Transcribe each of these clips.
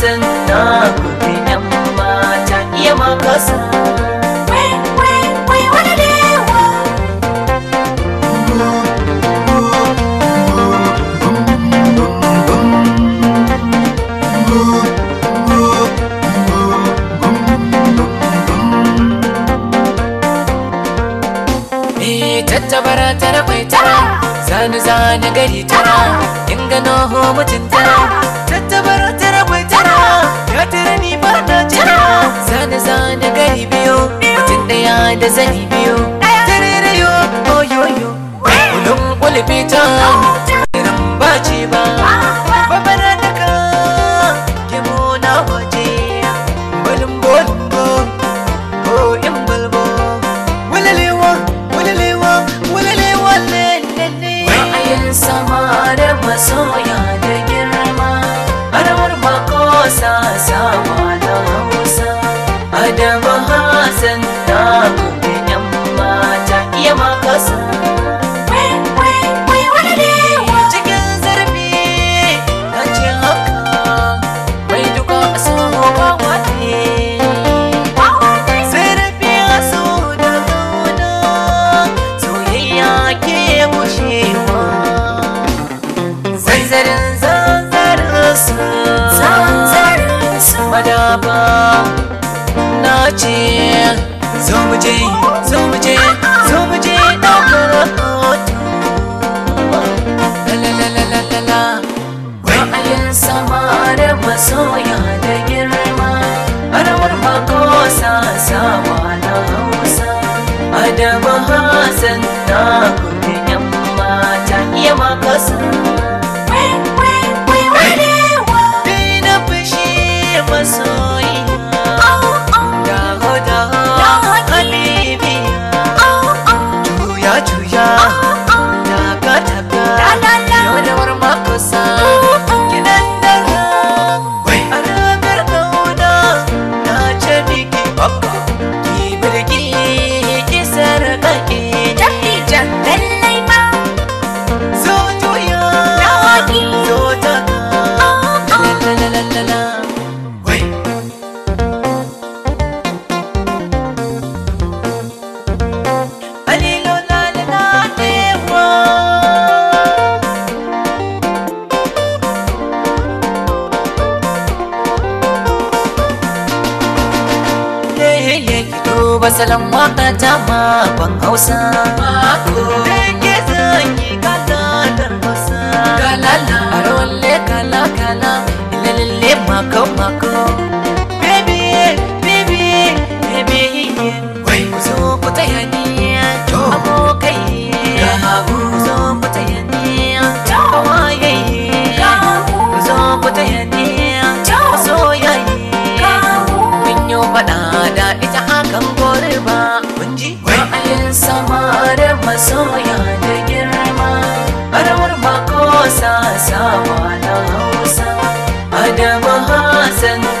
san na gudu yan mata iya makasa tattabara tara mai tara zanu zane gari tara in gano ho mutum da zane gari biyu mutum daya da zani biyu tarirayo oyoyo kulun ta ce zo mu je zo mu je zo mu je ɗaukar la sama da masoya da girma ba bako sa sawa na hausa Adama hasan na kudin yan mata iya makasa. ki duba salon waka ta ban hausa mako ke zan yi kalla dan wasa sawa na hausa adama hasan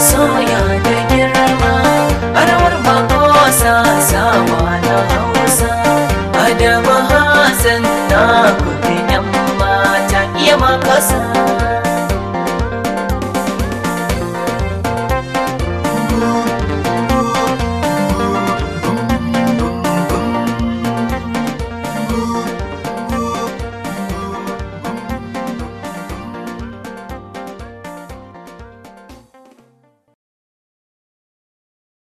so